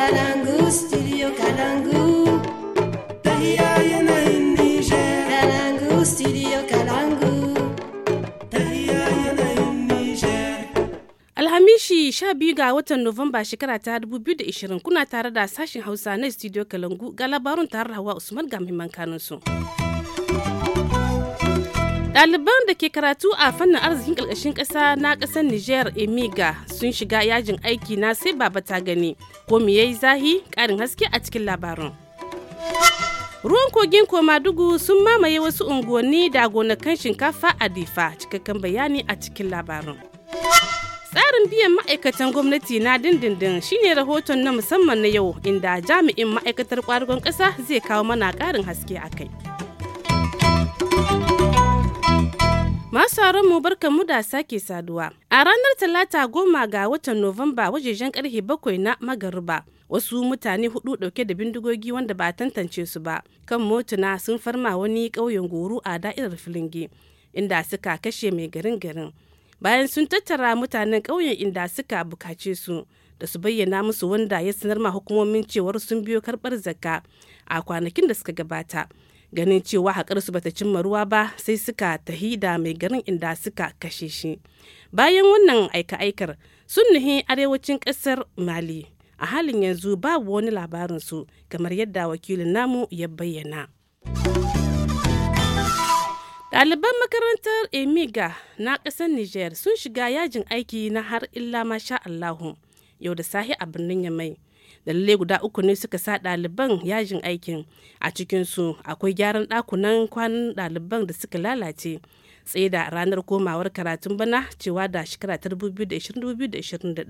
Kalangu, studio biyu ga watan Nuwamba shekara ta 2020 kuna tare da sashin Hausa na studio Kalangu ga labarun tare da Hawa Usman ga muhimman kanunsu. Ɗaliban da ke karatu a fannin arzikin ƙarƙashin ƙasa na ƙasar Nijar Emiga sun shiga yajin aiki na sai baba ta gani ko me yayi zahi ƙarin haske a cikin labarin. Ruwan kogin Komadugu sun mamaye wasu unguwanni da gonakan shinkafa a Difa cikakken bayani a cikin labarin. Tsarin biyan ma'aikatan gwamnati na dindindin shine rahoton na musamman na yau inda jami'in ma'aikatar kwarugon ƙasa zai kawo mana ƙarin haske a kai. Masu mu barka mu da sake saduwa. A ranar talata goma ga watan Nuwamba wajejen karfe bakwai na magaruba. Wasu mutane hudu dauke da bindigogi wanda ba tantance su ba kan motuna sun farma wani ƙauyen goro a da'irar filinge inda suka kashe mai garin garin. Bayan sun tattara mutanen ƙauyen inda suka bukace su da su bayyana musu wanda ya sanar ma hukumomin cewar sun biyo karɓar zakka a kwanakin da suka gabata. ganin cewa haƙar su bata cimma ruwa ba sai suka tahi da mai garin inda suka kashe shi bayan wannan aika-aikar sun nuhi arewacin ƙasar mali a halin yanzu babu wani labarin su, kamar yadda wakilin namu ya bayyana Ɗaliban makarantar Emiga na ƙasar Nijar sun shiga yajin aiki na har illa masha Allahu yau da sahi a birnin Yamai dalilai guda uku ne suka sa ɗaliban yajin aikin a cikinsu akwai gyaran ɗakunan kwanan ɗaliban da suka lalace tsaye da ranar komawar karatun bana cewa da shekara 2020-2021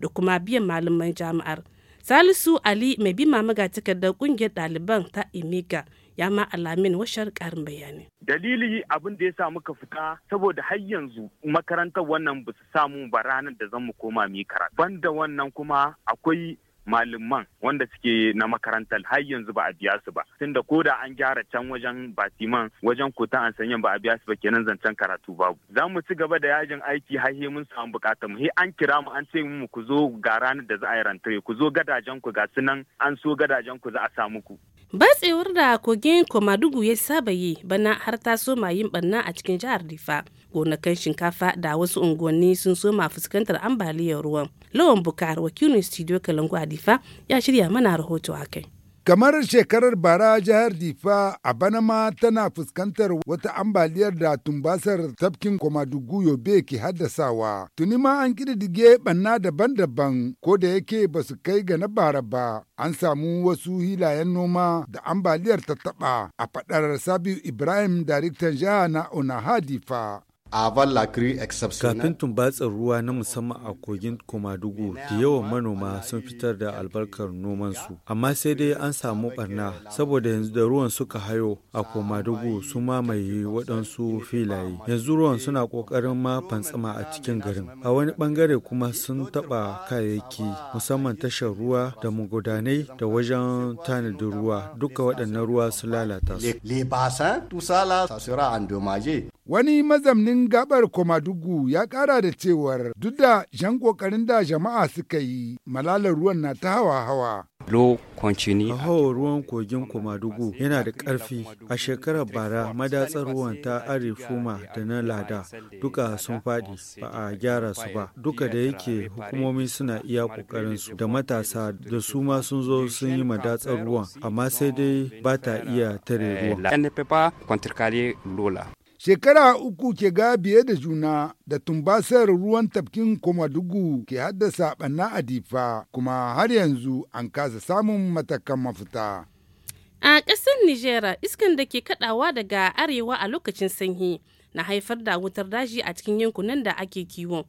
da kuma biyan malaman jami'ar salisu ali mai bi mamaga takardar kungiyar ɗaliban ta imiga ya ma alamin washar karin bayani. Dalili abin da ya sa muka fita saboda har yanzu makarantar wannan ba su samu ba ranar da zan mu koma mu yi karatu. Banda wannan kuma akwai malaman wanda suke na makarantar har yanzu ba a biya su ba tunda ko da an gyara can wajen batiman wajen kota an sanya ba a biya su ba kenan zancen karatu babu za mu ci gaba da yajin aiki har he mun samu bukatar mu he an kira mu an ce mu ku zo ga ranar da za a yi rantare ku zo gadajen ku ga sunan an so gadajen ku za a samu ku batsewar da kogin komadugu ya saba yi bana har ta soma yin barna a cikin jihar difa gonakan shinkafa da wasu unguwanni sun soma fuskantar ambaliyar ruwan lawan bukar wakilin studio kalangu adifa ya shirya mana rahoto a kai Kamar shekarar bara jihar Difa a bana ma tana fuskantar wata ambaliyar da tumbasar tafkin Komadugu Yobe ke haddasawa. Tuni ma an kididdige banna daban-daban ko da yake ba su kai ga na bara ba. An samu wasu hilayen noma da ambaliyar ta taɓa a faɗar Sabiu Ibrahim daraktan jiha na Onaha Difa. Kafin tumbatsar ruwa na musamman a kogin Komadugu da yawan manoma sun fitar da albarkar nomansu. Amma sai dai an samu barna saboda yanzu da ruwan suka hayo a Komadugu su mamaye waɗansu filaye. Yanzu ruwan suna ƙoƙarin ma fantsama a cikin garin. A wani ɓangare kuma sun taɓa kayayyaki musamman tashar ruwa da magudanai da wajen tanadin ruwa duka waɗannan ruwa su lalata su. Wani mazamnin Sarkin gabar Komadugu ya kara da cewar duk da jan kokarin da jama'a suka yi malalar ruwan na ta hawa-hawa. Hawa ruwan kogin Komadugu yana da karfi A shekarar bara madatsar ruwan ta Arifuma da na Lada duka sun faɗi ba a gyara su ba. Duka da yake hukumomi suna iya kokarin su da matasa da su ma sun zo sun yi madatsar ruwan amma sai dai ba ta iya tare ruwan. Shekara uku ke ga biye da juna da tumbasar ruwan tafkin Komadugu ke haddasa ɓanna a difa kuma har yanzu an kasa samun matakan mafita. A ƙasar Nijera iskan da ke kaɗawa daga arewa a lokacin sanyi na haifar da wutar daji a cikin yankunan da ake kiwo.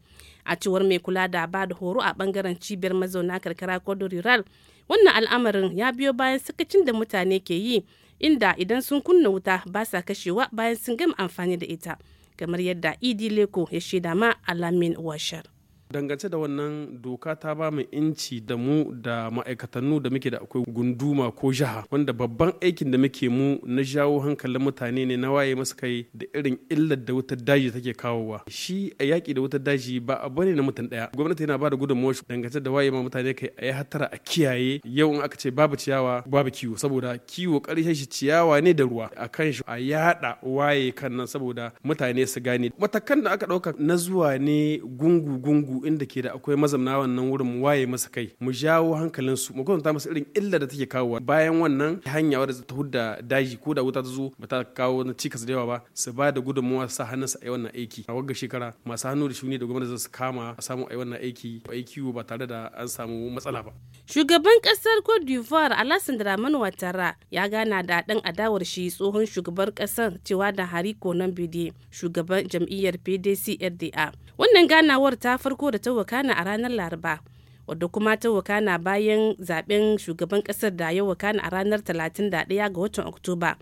A cewar mai kula da ba da horo a ɓangaren cibiyar mazauna karkara Kodo Rural, wannan al'amarin ya biyo bayan sakacin da mutane ke yi inda idan sun kunna wuta ba sa kashewa bayan sun gama amfani da ita kamar yadda idi leko ya shaida ma alamin washar dangance da wannan doka ta ba mu inci da mu da ma'aikatannu da muke da akwai gunduma ko jiha wanda babban aikin da muke mu na jawo hankalin mutane ne na waye masu kai da irin illar da wutar daji take kawowa shi a yaƙi da wutar daji ba abu ne na mutum daya. gwamnati yana ba da gudunmawar dangance da waye ma mutane kai a yi hatara a kiyaye yau in aka ce babu ciyawa babu kiwo saboda kiwo karshe shi ciyawa ne da ruwa a kan shi a yada waye kan nan saboda mutane su gane matakan da aka ɗauka na zuwa ne gungu-gungu jami'o'in da ke da akwai mazamna wannan wurin mu waye masa kai mu jawo hankalin su mu kwatanta masa irin illa da take kawo bayan wannan hanya wadda ta hudda daji ko da wuta ta zo ba ta kawo na cikas da yawa ba su ba da gudunmuwa sa hannun su a wannan aiki a wagga shekara masu hannu da shuni da gwamnati su kama a samu a wannan aiki aiki ba tare da an samu matsala ba shugaban kasar Cote d'Ivoire Alassane Dramane Ouattara ya gana da dan adawar shi tsohon shugaban kasar cewa da Hariko Nambide shugaban jam'iyyar PDC RDA wannan ganawar ta farko farko da ta wakana a ranar laraba wadda kuma ta wakana bayan zaben shugaban kasar da ya wakana a ranar 31 ga watan oktoba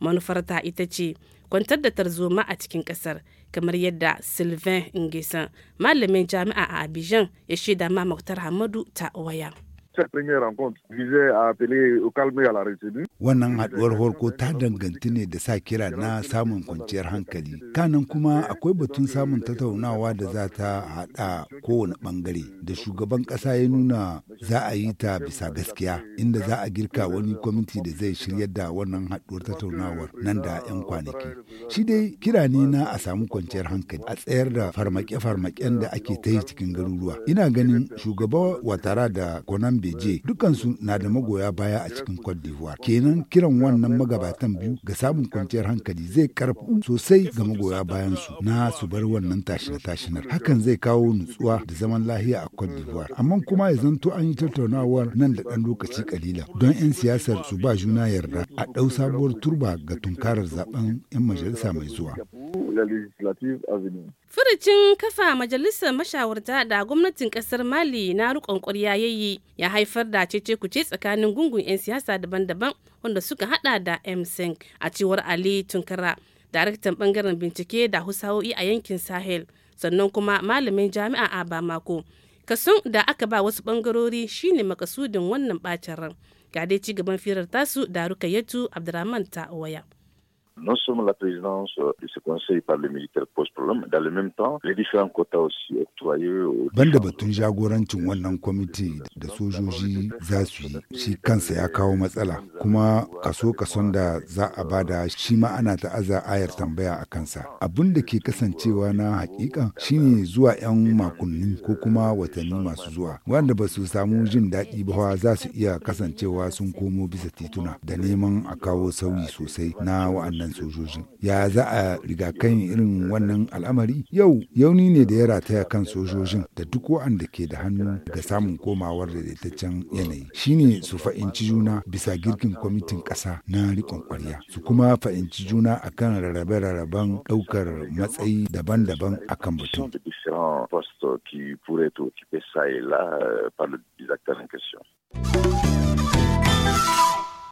manufarta ita ce kwantar da tarzoma a cikin kasar kamar yadda sylvain ingesan malamin jami'a a abidjan ya shaida ma muktar hamadu ta waya. cette première rencontre visait à appeler uh, au uh, calme et à la retenue. Wannan haduwar farko ta danganci ne da sa kira na samun kwanciyar hankali. Kanan kuma akwai batun samun tattaunawa da za ta hada kowane bangare. da shugaban kasa ya nuna za a yi ta bisa gaskiya inda za a girka wani kwamiti da zai shiryar da wannan haduwar tattaunawar nan da 'yan kwanaki. Shi dai kira ne na a samu kwanciyar hankali a tsayar da farmake-farmaken da ake ta yi cikin garuruwa. Ina ganin shugaba Watara da Konambe beje dukansu na da magoya baya a cikin cote d'ivoire kenan kiran wannan magabatan biyu ga samun kwanciyar hankali zai karfu sosai ga magoya bayan su na su bar wannan tashin tashinar hakan zai kawo nutsuwa da zaman lahiya a cote d'ivoire amma kuma ya zanto an yi tattaunawar nan da ɗan lokaci kalila don 'yan siyasar su ba juna yarda a ɗau sabuwar turba ga tunkarar zaben 'yan majalisa mai zuwa. la Legislative Avenue. Furucin kafa majalisar mashawarta da gwamnatin kasar Mali na rukon ƙwarya yayi ya haifar da cece kuce tsakanin gungun 'yan siyasa daban-daban wanda suka hada da MSN a cewar Ali Tunkara, daraktan bangaren bincike da husawoyi a yankin Sahel, sannan kuma malamin jami'a a Bamako. Kason da aka ba wasu bangarori shine makasudin wannan ɓacin ran. Ga dai ci gaban firar tasu da Rukayyatu Abdurrahman ta waya. non seulement la présidence de euh, ce conseil par les militaires pose problème, dans le même temps, les différents quotas aussi octroyés aux. Banda batun jagorancin wannan kwamiti da sojoji za su yi, shi kansa ya kawo matsala, kuma kaso kason da za a bada shi ma ana ta'aza ayar tambaya a kansa. Abin da ke kasancewa na hakika shine zuwa 'yan makonni ko kuma watanni masu zuwa, wanda ba su samu jin daɗi ba za su iya kasancewa sun komo bisa tituna da neman a kawo sauyi sosai na wa'annan waɗannan sojojin ya za a rigakan irin wannan al'amari yau yauni ne da ya rataya kan sojojin da duk waɗanda ke da hannu ga samun komawar daidaitaccen yanayi shine su fa'inci juna bisa girkin kwamitin ƙasa na riƙon ƙwarya su kuma fa'inci juna akan rarrabe-rarraben ɗaukar matsayi daban-daban akan batun. Thank you.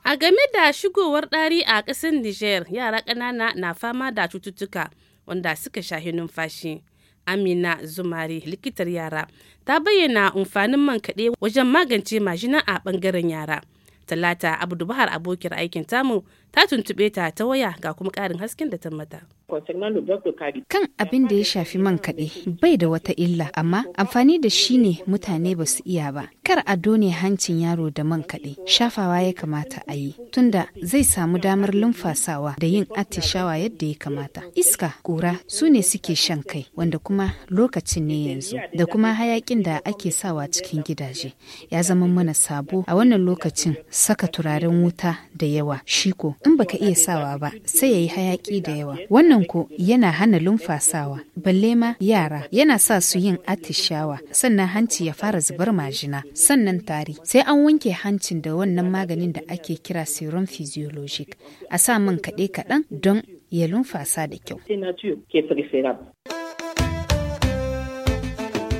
A game da shigowar ɗari a ƙasar Nijar, yara ƙanana na fama da cututtuka wanda suka shahi numfashi. Amina Zumari, likitar yara, ta bayyana amfanin man kaɗe wajen magance majina a ɓangaren yara. Talata Abdu Bahar abokiyar aikin tamu ta tuntube ta ta waya ga kuma ƙarin hasken da ta mata. Kan abin da ya shafi man kaɗe bai da wata illa amma amfani da shi ne mutane ba su iya ba. Kar a done hancin yaro da man kaɗe shafawa ya kamata a yi tunda zai samu damar lumfasawa da yin atishawa yadda ya kamata. Iska kura su ne suke shan kai wanda kuma lokacin ne yanzu da kuma hayakin da ake sawa cikin gidaje ya zama mana sabo a wannan lokacin saka turaren wuta da yawa shi ko in baka iya sawa ba sai ya yi hayaki da yawa wannan ko yana hana lumfasawa balle ma yara yana sa su yin atishawa sannan hanci ya fara zubar majina sannan tari sai an wanke hancin da wannan maganin da ake kira serum physiologic a sa man kaɗe kaɗan don ya lumfasa da kyau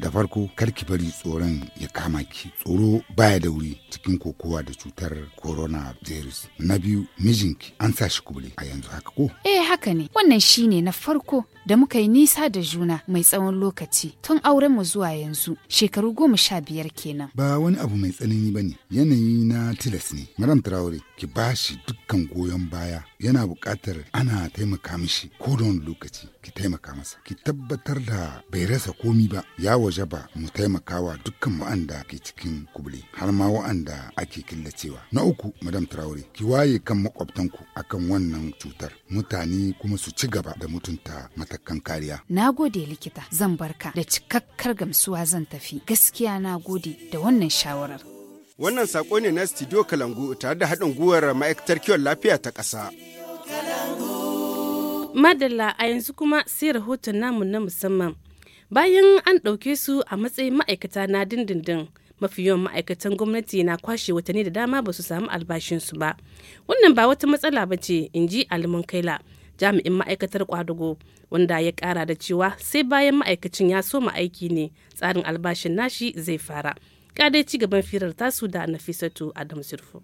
da farko karki bari tsoron ya kama ki tsoro baya da wuri cikin kokowa da cutar coronavirus na biyu mijinki an sa shi kubule a yanzu haka ko eh haka ne wannan shine na farko da muka yi nisa da juna mai tsawon lokaci tun auren mu zuwa yanzu shekaru goma sha biyar kenan ba wani abu mai tsanani bane yanayi na tilas ne madam traore ki shi dukkan goyon baya yana buƙatar ana taimaka mishi ko da wani lokaci ki taimaka masa ki tabbatar da bai rasa komi ba yawo waje ba mu taimakawa dukkan wa'anda ke cikin kubule har ma wa'anda ake killacewa. Na uku Madam Traore ki waye kan makwabtanku akan wannan cutar mutane kuma su ci gaba da mutunta matakan kariya. Na gode likita zan barka da cikakkar gamsuwa zan tafi gaskiya na gode da wannan shawarar. Wannan sako ne na Studio Kalangu tare da haɗin gwiwar ma'aikatar kiwon lafiya ta ƙasa. Madalla a yanzu kuma sai rahoton namu na musamman. bayan an ɗauke su a matsayin ma'aikata na dindindin mafi yawan ma'aikatan gwamnati na kwashe watanni da dama ba su samu albashinsu ba wannan ba wata matsala ba ce in ji aliman kaila jami'in ma'aikatar kwadugo wanda ya kara da cewa sai bayan ma'aikacin ya soma aiki ne tsarin albashin nashi zai fara ci gaban firar tasu da nafisatu adam sirfu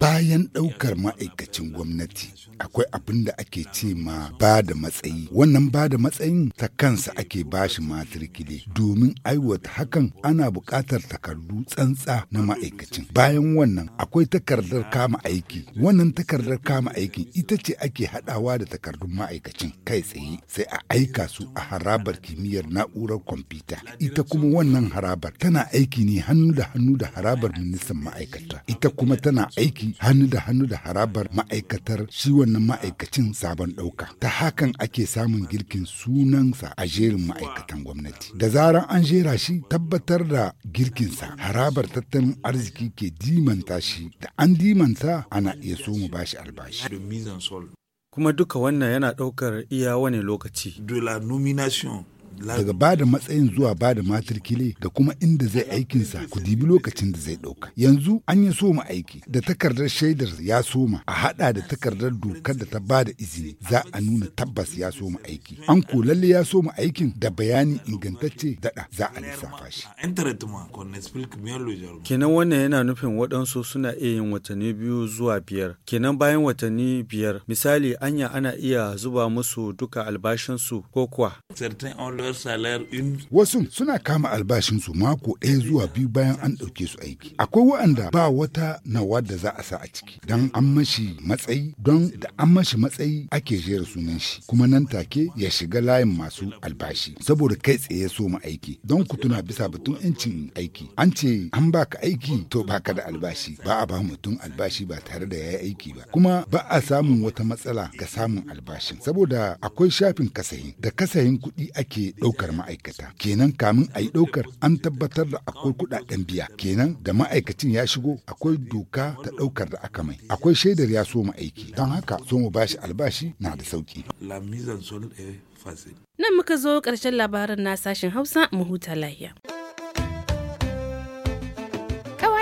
Bayan ɗaukar ma'aikacin gwamnati, akwai abin da ake ce ma ba da matsayi. Wannan ba da matsayin ta kansa ake bashi matrikili, domin aiwata hakan ana buƙatar takardu tsantsa na ma'aikacin. Bayan wannan akwai takardar kama aiki. Wannan takardar kama aikin ita ce ake haɗawa da takardun ma'aikacin kai tsaye sai a aika su a harabar kimiyyar na'urar kwamfuta. Ita kuma wannan harabar tana aiki ne hannu da hannu da harabar harabar ministan ma'aikata ita kuma tana aiki hannu da hannu da harabar ma'aikatar shi wannan ma'aikacin sabon ɗauka ta hakan ake samun girkin sunansa a jerin ma'aikatan gwamnati da zaran an jera shi tabbatar da girkinsa harabar tattalin arziki ke dimanta shi da an dimanta ana iya so mu shi albashi kuma duka wannan yana ɗaukar iya wani lokaci. De nomination daga ba da matsayin zuwa ba da matirkile da kuma inda zai aikinsa ku dibi lokacin da zai ɗauka yanzu an yi soma aiki da takardar shaidar ya soma a haɗa da takardar dokar da ta ba da izini za a nuna tabbas ya soma aiki an ko lalle ya soma aikin da bayani ingantacce daɗa za a lissafa shi kenan wannan yana nufin waɗansu suna iya yin watanni biyu zuwa biyar kenan bayan watanni biyar misali anya ana iya zuba musu duka albashinsu ko kuwa Wasu suna kama albashinsu mako ɗaya zuwa biyu bayan an ɗauke su aiki. Akwai waɗanda ba wata nawa da za a sa a ciki don an mashi matsayi don da an mashi matsayi ake jera sunan shi kuma nan take ya shiga layin masu albashi saboda kai tsaye so mu aiki don ku tuna bisa batun yancin aiki an ce an baka aiki to baka da albashi ba a ba mutum albashi ba tare da ya yi aiki ba kuma ba a samun wata matsala ga samun albashin saboda akwai shafin kasahin da kasahin kuɗi ake ɗaukar ma'aikata kenan kamin a yi ɗaukar an tabbatar da akwai kuɗaɗen biya kenan da ma'aikacin ya shigo akwai doka ta ɗaukar da aka mai akwai shaidar ya so mu aiki don haka so mu bashi albashi na da sauki. Nan muka zo ƙarshen labarin na sashen Hausa mu huta lahiya.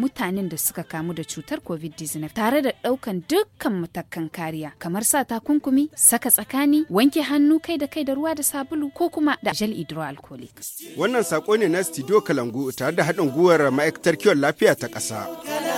mutanen da suka kamu da cutar covid-19 tare da ɗaukan dukkan matakan kariya kamar sa takunkumi saka tsakani wanke hannu kai da kai da ruwa da sabulu ko kuma da gel hydroalcoholic wannan sako ne na studio kalangu tare da haɗin gwiwar ma'aikatar kiwon lafiya ta ƙasa.